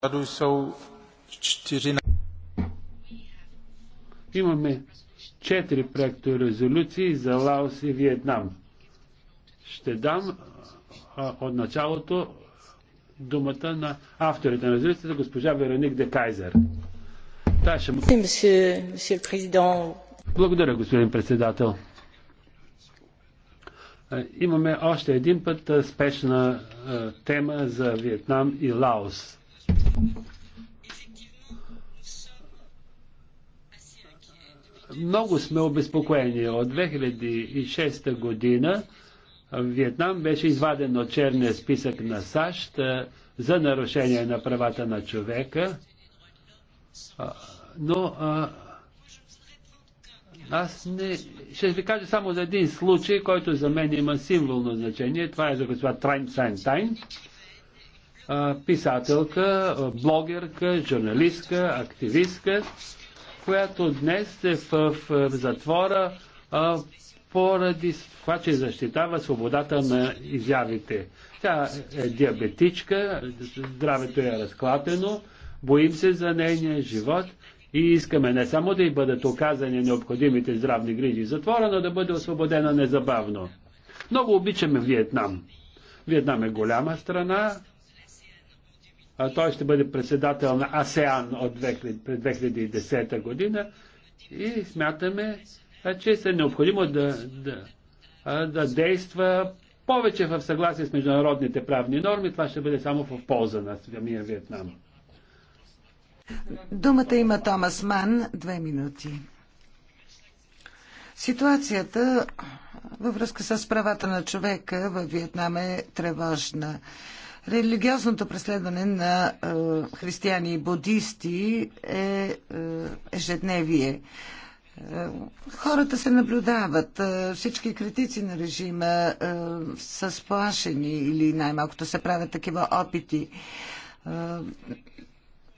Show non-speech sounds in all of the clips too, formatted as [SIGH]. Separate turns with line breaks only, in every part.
pořadu jsou čtyři. Имаме четири проекта резолюции за Лаос и Виетнам. Ще дам а, от началото думата на авторите на резолюцията, госпожа Вероник де Кайзер. Ще... Благодаря, господин председател. Имаме още един път спешна тема за Виетнам и Лаос много сме обезпокоени. От 2006 година Виетнам беше изваден от черния списък на САЩ за нарушение на правата на човека. Но аз не... Ще ви кажа само за един случай, който за мен има символно значение. Това е за господа Трайн тайн Тайн писателка, блогерка, журналистка, активистка, която днес е в затвора поради това, че защитава свободата на изявите. Тя е диабетичка, здравето е разклатено, боим се за нейния живот и искаме не само да й бъдат оказани необходимите здравни грижи в затвора, но да бъде освободена незабавно. Много обичаме Виетнам. Виетнам е голяма страна, той ще бъде председател на АСЕАН от 2010 година и смятаме, че е необходимо да, да, да действа повече в съгласие с международните правни норми. Това ще бъде само в полза на самия Виетнам.
Думата има Томас Ман. Две минути. Ситуацията във връзка с правата на човека във Виетнам е тревожна. Религиозното преследване на е, християни и будисти е, е ежедневие. Е, хората се наблюдават, е, всички критици на режима е, са сплашени или най-малкото се правят такива опити.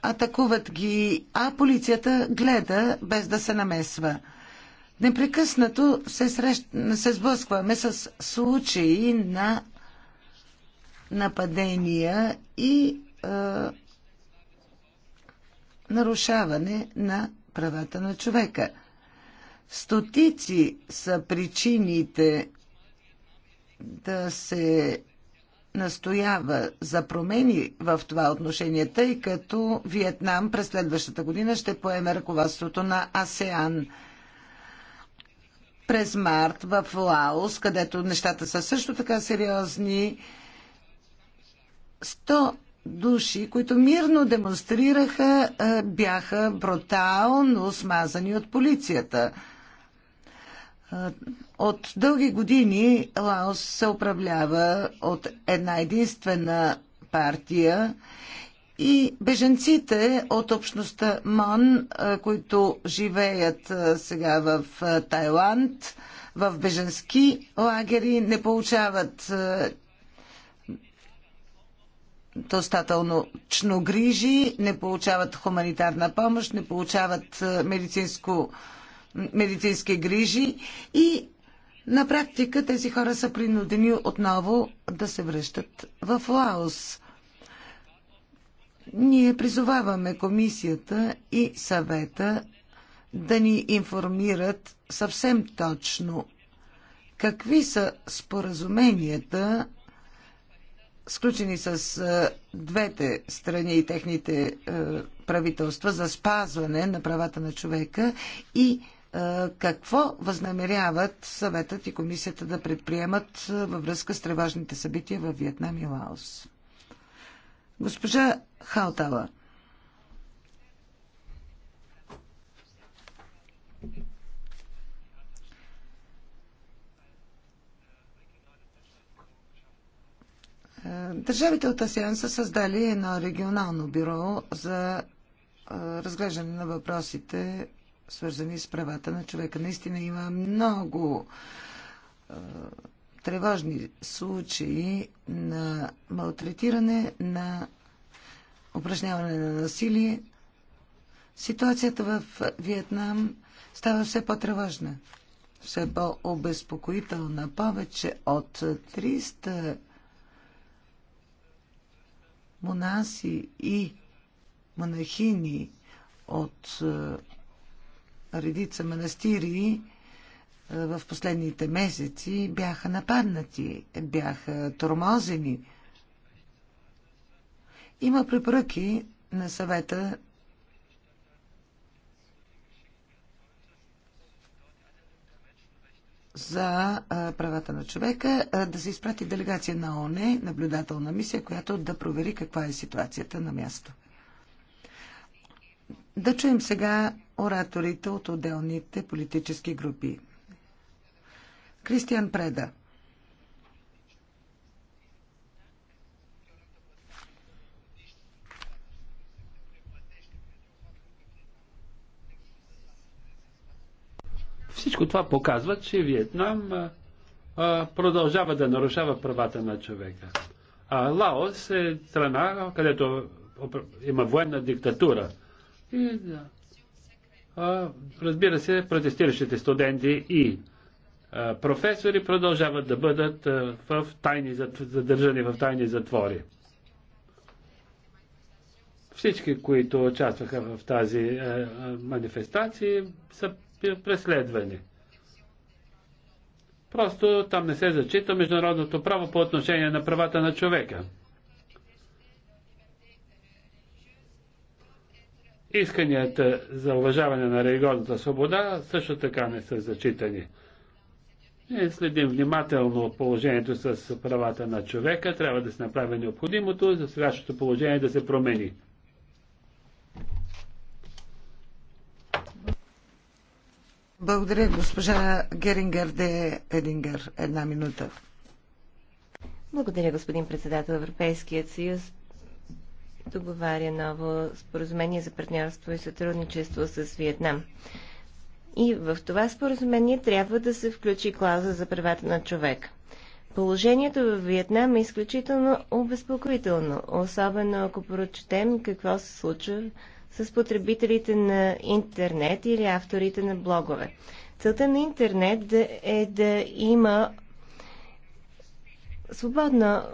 Атакуват ги, а полицията гледа без да се намесва. Непрекъснато се, срещ... се сблъскваме с случаи на нападения и е, нарушаване на правата на човека. Стотици са причините да се настоява за промени в това отношение, тъй като Виетнам през следващата година ще поеме ръководството на АСЕАН. През март в Лаос, където нещата са също така сериозни, 100 души, които мирно демонстрираха, бяха брутално смазани от полицията. От дълги години Лаос се управлява от една единствена партия и беженците от общността МОН, които живеят сега в Тайланд, в беженски лагери, не получават достатъчно грижи, не получават хуманитарна помощ, не получават е, медицинско, медицински грижи и на практика тези хора са принудени отново да се връщат в Лаос. Ние призоваваме комисията и съвета да ни информират съвсем точно какви са споразуменията сключени с двете страни и техните правителства за спазване на правата на човека и какво възнамеряват съветът и комисията да предприемат във връзка с треважните събития във Виетнам и Лаос. Госпожа Халтала. Държавите от АСЕАН са създали едно регионално бюро за разглеждане на въпросите, свързани с правата на човека. Наистина има много тревожни случаи на малтретиране, на упражняване на насилие. Ситуацията в Виетнам става все по-тревожна, все по-обезпокоителна. Повече от 300 монаси и монахини от е, редица манастири е, в последните месеци бяха нападнати, бяха тормозени. Има препоръки на съвета за правата на човека да се изпрати делегация на ОНЕ, наблюдателна мисия, която да провери каква е ситуацията на място. Да чуем сега ораторите от отделните политически групи. Кристиан Преда.
Всичко това показва, че Виетнам продължава да нарушава правата на човека. А Лаос е страна, където има военна диктатура. И, а, разбира се, протестиращите студенти и а, професори продължават да бъдат а, в тайни, задържани в тайни затвори. Всички, които участваха в тази а, манифестация, са преследвани. Просто там не се зачита международното право по отношение на правата на човека. Исканията за уважаване на религиозната свобода също така не са зачитани. Ние следим внимателно положението с правата на човека. Трябва да се направи необходимото за сегашното положение да се промени.
Благодаря, госпожа Герингер де Едингер. Една минута.
Благодаря, господин председател. Европейският съюз договаря ново споразумение за партньорство и сътрудничество с Виетнам. И в това споразумение трябва да се включи клауза за правата на човек. Положението в Виетнам е изключително обезпокоително, особено ако прочетем какво се случва с потребителите на интернет или авторите на блогове. Целта на интернет да е да има свободна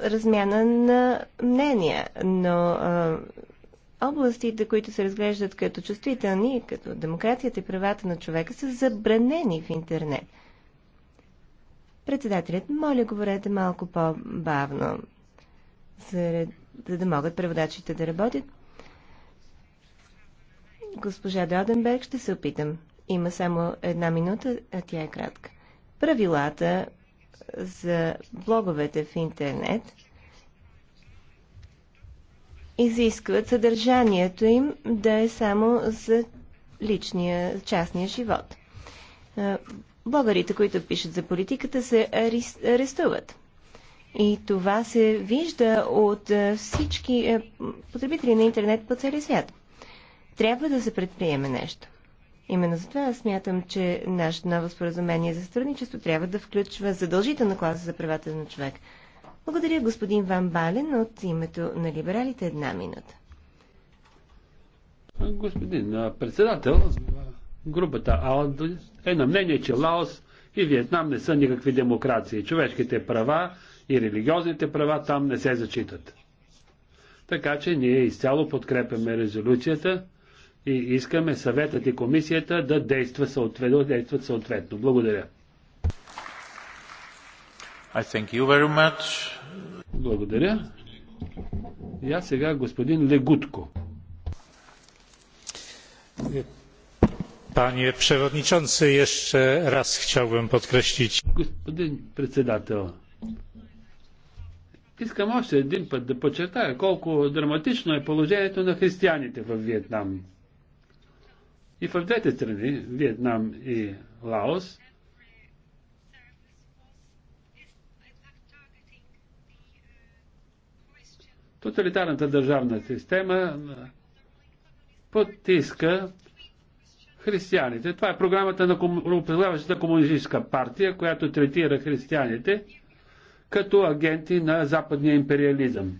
размяна на мнения, но а, областите, които се разглеждат като чувствителни, като демокрацията и правата на човека, са забранени в интернет. Председателят, моля, говорете малко по-бавно, за да могат преводачите да работят госпожа Даденберг, ще се опитам. Има само една минута, а тя е кратка. Правилата за блоговете в интернет изискват съдържанието им да е само за личния, частния живот. Блогарите, които пишат за политиката, се арестуват. И това се вижда от всички потребители на интернет по целия свят. Трябва да се предприеме нещо. Именно затова аз смятам, че нашето ново споразумение за сътрудничество трябва да включва задължителна класа за правата на човек. Благодаря господин Ван Бален от името на либералите една минута.
Господин председател, групата АОД е на мнение, че Лаос и Виетнам не са никакви демокрации. Човешките права и религиозните права там не се зачитат. Така че ние изцяло подкрепяме резолюцията и искаме съветът и комисията да действа съответно, действат съответно. Благодаря. I thank you very much. Благодаря. И аз сега господин Легутко. Panie przewodniczący, jeszcze raz chciałbym podkreślić. Господин председател, искам още един път да подчертая колко драматично е положението на християните в Виетнам. И в двете страни, Виетнам и Лаос, тоталитарната държавна система потиска християните. Това е програмата на управляващата комунистическа партия, която третира християните като агенти на западния империализъм.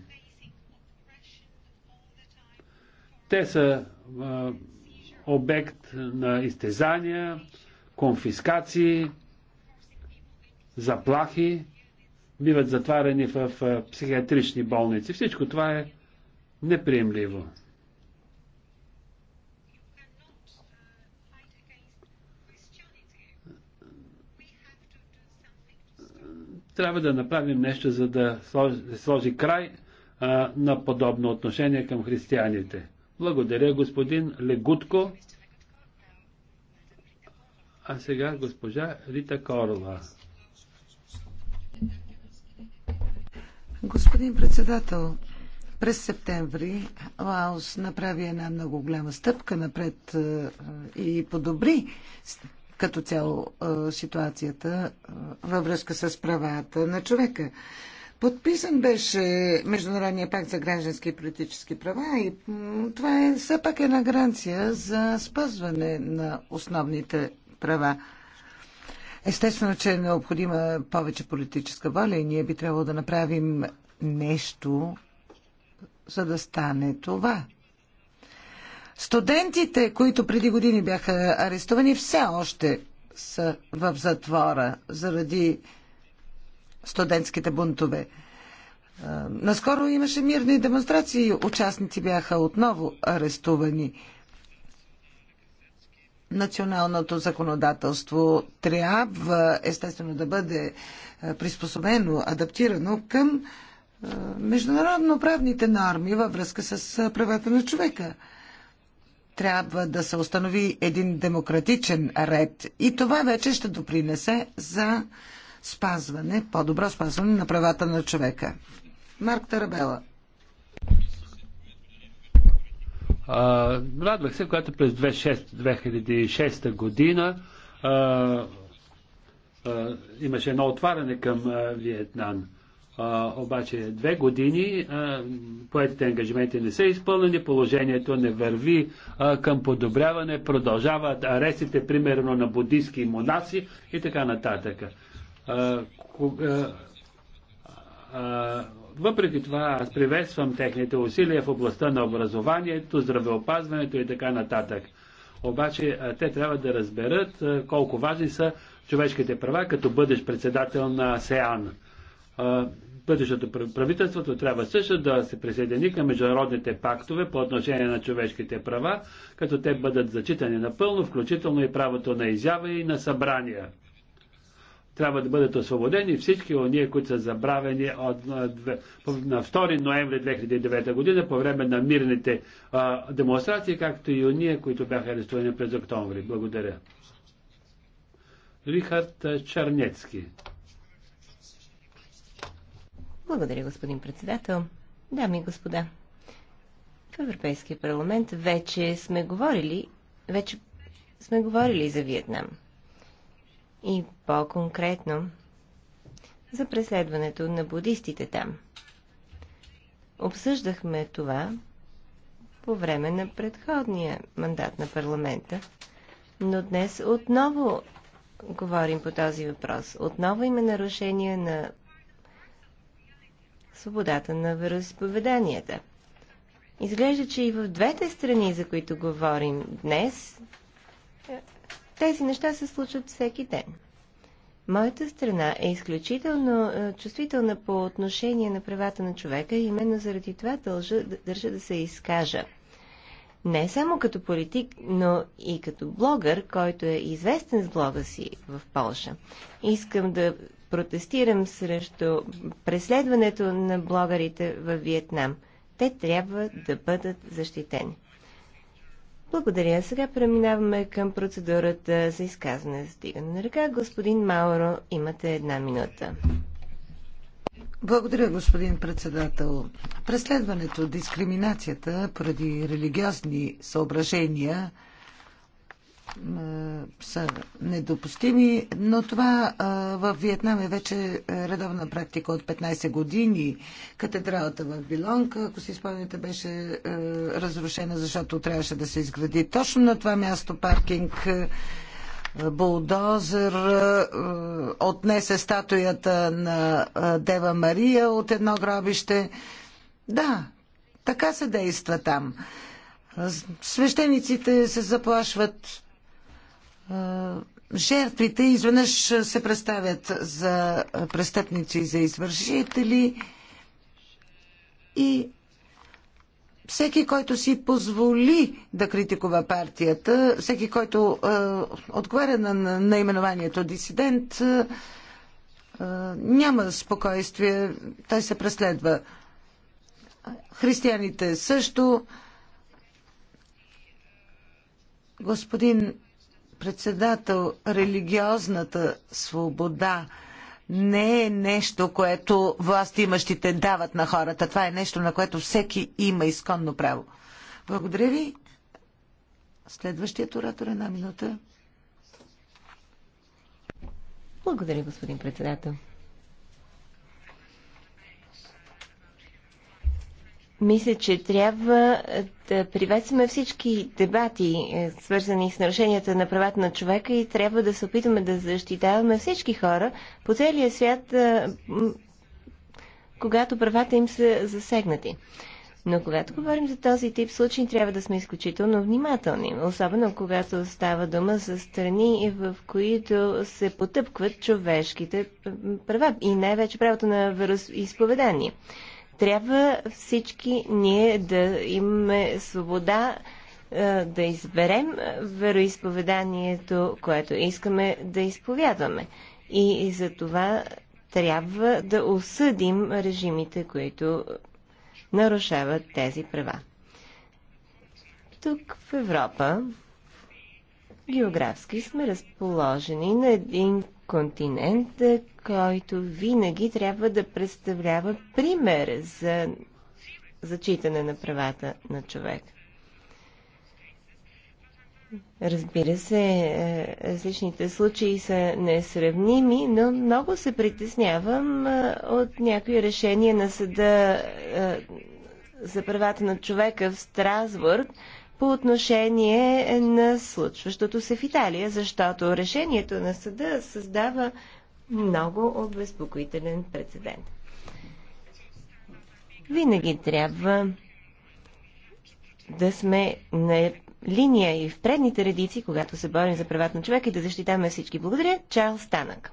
Те са а, обект на изтезания, конфискации, заплахи, биват затварени в психиатрични болници. Всичко това е неприемливо. Трябва да направим нещо, за да сложи край а, на подобно отношение към християните. Благодаря, господин Легутко. А сега госпожа Рита Корова.
Господин председател, през септември Лаос направи една много голяма стъпка напред е, и подобри като цяло е, ситуацията е, във връзка с правата на човека. Подписан беше Международния пакт за граждански и политически права и това е все пак една гаранция за спазване на основните права. Естествено, че е необходима повече политическа воля и ние би трябвало да направим нещо, за да стане това. Студентите, които преди години бяха арестувани, все още са в затвора заради студентските бунтове. Наскоро имаше мирни демонстрации, участници бяха отново арестувани. Националното законодателство трябва естествено да бъде приспособено, адаптирано към международно-правните норми във връзка с правата на човека. Трябва да се установи един демократичен ред и това вече ще допринесе за спазване, по-добро спазване на правата на човека. Марк Тарабела.
А, радвах се, когато през 2006, 2006 година а, а, имаше едно отваряне към а, Виетнам. А, обаче две години а, поетите ангажименти не са изпълнени, положението не върви а, към подобряване, продължават арестите примерно на буддийски монаси и така нататък. А, кога, а, въпреки това, аз приветствам техните усилия в областта на образованието, здравеопазването и така нататък. Обаче те трябва да разберат колко важни са човешките права, като бъдеш председател на СЕАН. Бъдещото правителството трябва също да се присъедини към международните пактове по отношение на човешките права, като те бъдат зачитани напълно, включително и правото на изява и на събрания трябва да бъдат освободени всички ония, които са забравени от, на 2 ноември 2009 година по време на мирните а, демонстрации, както и ония, които бяха арестувани през октомври. Благодаря. Рихард Чернецки.
Благодаря, господин председател. Дами и господа, в Европейския парламент вече сме говорили, вече сме говорили за Виетнам и по-конкретно за преследването на будистите там. Обсъждахме това по време на предходния мандат на парламента, но днес отново говорим по този въпрос. Отново има нарушение на свободата на вероисповеданията. Изглежда, че и в двете страни, за които говорим днес, тези неща се случват всеки ден. Моята страна е изключително е, чувствителна по отношение на правата на човека и именно заради това дължа, държа да се изкажа. Не само като политик, но и като блогър, който е известен с блога си в Польша. Искам да протестирам срещу преследването на блогърите във Виетнам. Те трябва да бъдат защитени. Благодаря. Сега преминаваме към процедурата за изказване за стигане на ръка. Господин Мауро, имате една минута.
Благодаря, господин председател. Преследването, дискриминацията поради религиозни съображения – са недопустими, но това в Виетнам е вече редовна практика от 15 години. Катедралата в Билонг, ако си спомняте, беше разрушена, защото трябваше да се изгради точно на това място паркинг булдозер отнесе статуята на Дева Мария от едно гробище. Да, така се действа там. Свещениците се заплашват жертвите изведнъж се представят за престъпници и за извършители и всеки, който си позволи да критикува партията, всеки, който е, отговаря на наименованието дисидент, е, е, няма спокойствие, той се преследва. Християните също. Господин председател, религиозната свобода не е нещо, което властимащите дават на хората. Това е нещо, на което всеки има изконно право. Благодаря ви. Следващият оратор е една минута. Благодаря, господин председател.
Мисля, че трябва е, да приветстваме всички дебати, е, свързани с нарушенията на правата на човека и трябва да се опитаме да защитаваме всички хора по целия свят, е, когато правата им са засегнати. Но когато говорим за този тип случаи, трябва да сме изключително внимателни, особено когато става дума за страни, в които се потъпкват човешките права и най-вече правото на вероисповедание. Трябва всички ние да имаме свобода е, да изберем вероисповеданието, което искаме да изповядваме. И за това трябва да осъдим режимите, които нарушават тези права. Тук в Европа географски сме разположени на един континент, който винаги трябва да представлява пример за зачитане на правата на човек. Разбира се, е, различните случаи са несравними, но много се притеснявам е, от някои решения на съда е, за правата на човека в Страсбург, по отношение на случващото се в Италия, защото решението на съда създава много обезпокоителен прецедент. Винаги трябва да сме на линия и в предните редици, когато се борим за правата на човека и да защитаваме всички. Благодаря. Чарл Станък.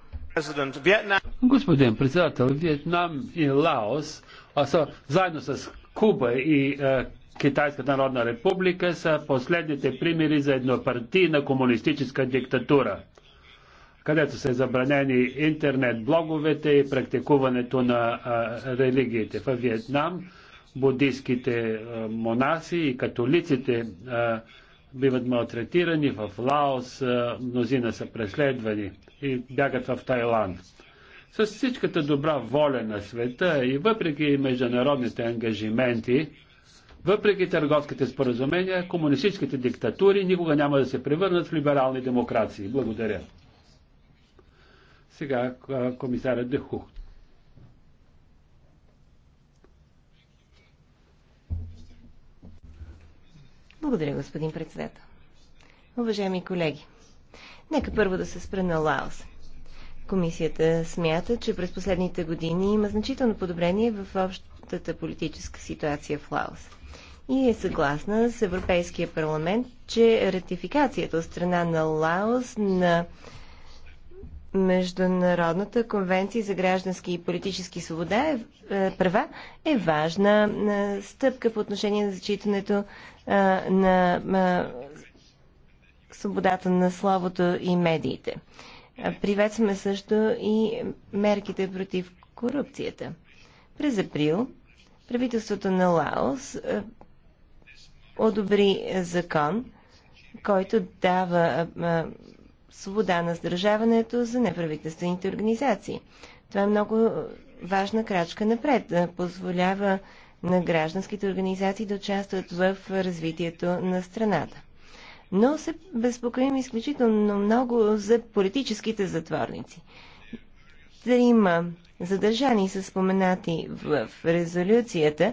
Господин председател, Виетнам и Лаос, а са, заедно с Куба и е, Китайската народна република са последните примери за еднопартийна комунистическа диктатура, където са забранени интернет блоговете и практикуването на а, религиите. В Виетнам буддийските а, монаси и католиците а, биват малтретирани, в Лаос а, мнозина са преследвани и бягат в Тайланд. С всичката добра воля на света и въпреки международните ангажименти, въпреки търговските споразумения, комунистическите диктатури никога няма да се превърнат в либерални демокрации. Благодаря. Сега комисарът Дехухт.
Благодаря, господин председател. Уважаеми колеги, нека първо да се спре на Лаос. Комисията смята, че през последните години има значително подобрение в общата политическа ситуация в Лаос и е съгласна с Европейския парламент, че ратификацията от страна на Лаос на Международната конвенция за граждански и политически свобода е, е, права е важна е, стъпка по отношение на зачитането е, на е, свободата на словото и медиите. Приветстваме също и мерките против корупцията. През април правителството на Лаос е, одобри закон, който дава е, свобода на сдържаването за неправителствените организации. Това е много важна крачка напред. Позволява на гражданските организации да участват в развитието на страната но се безпокоим изключително много за политическите затворници. Трима задържани са споменати в резолюцията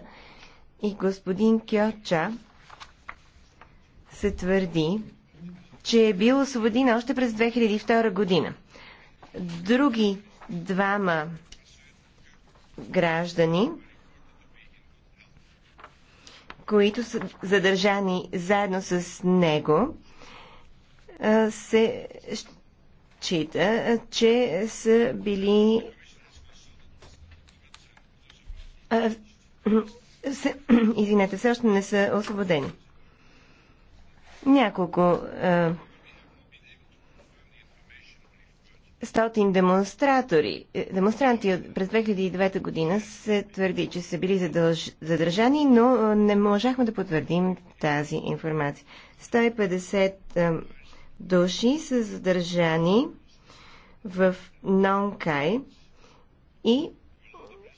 и господин Кьоча се твърди, че е бил освободен още през 2002 година. Други двама граждани които са задържани заедно с него, се чита, че са били [CLEARS THROAT] извинете, все още не са освободени. Няколко 500 демонстратори, е, демонстранти през 2009 година се твърди, че са били задълж... задържани, но е, не можахме да потвърдим тази информация. 150 е, души са задържани в Нонкай и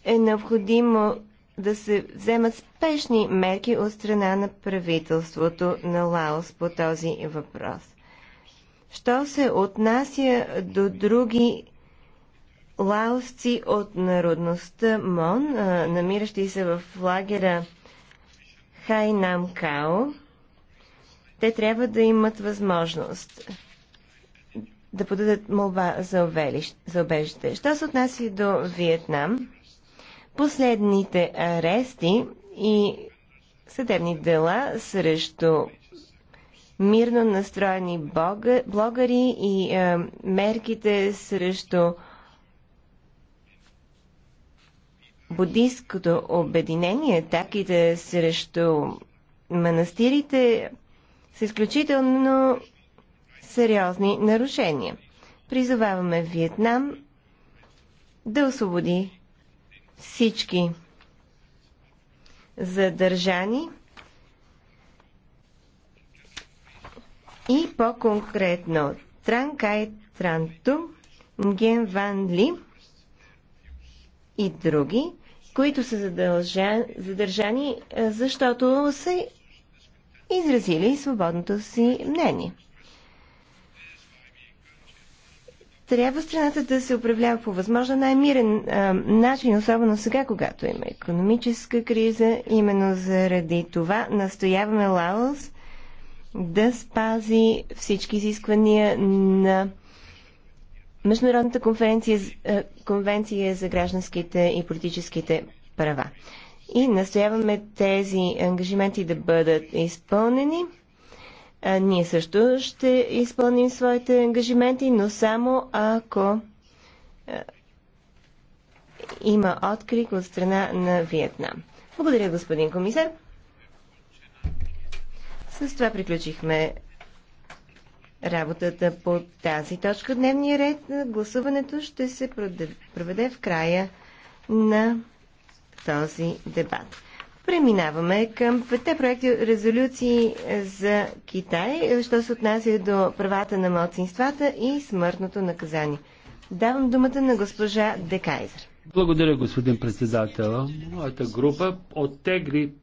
е необходимо да се вземат спешни мерки от страна на правителството на Лаос по този въпрос. Що се отнася до други лаосци от народността Мон, намиращи се в лагера Хайнам Као, те трябва да имат възможност да подадат молба за, за обежище. Що се отнася до Виетнам, последните арести и съдебни дела срещу мирно настроени блогъри и е, мерките срещу буддийското обединение, атаките срещу манастирите са изключително сериозни нарушения. Призоваваме Виетнам да освободи всички задържани И по-конкретно, Тран Кай Транто, Нген Ван Ли и други, които са задължа... задържани, защото са изразили свободното си мнение. Трябва страната да се управлява по възможно най-мирен начин, особено сега, когато има економическа криза. Именно заради това настояваме Лаос да спази всички изисквания на Международната конференция, е, конвенция за гражданските и политическите права. И настояваме тези ангажименти да бъдат изпълнени. А, е, ние също ще изпълним своите ангажименти, но само ако а, е, има отклик от страна на Виетнам. Благодаря, господин комисар. С това приключихме работата по тази точка. Дневния ред гласуването ще се проведе в края на този дебат. Преминаваме към петте проекти резолюции за Китай, що се отнася до правата на младсинствата и смъртното наказание. Давам думата на госпожа Декайзер.
Благодаря, господин председател. Моята група оттегли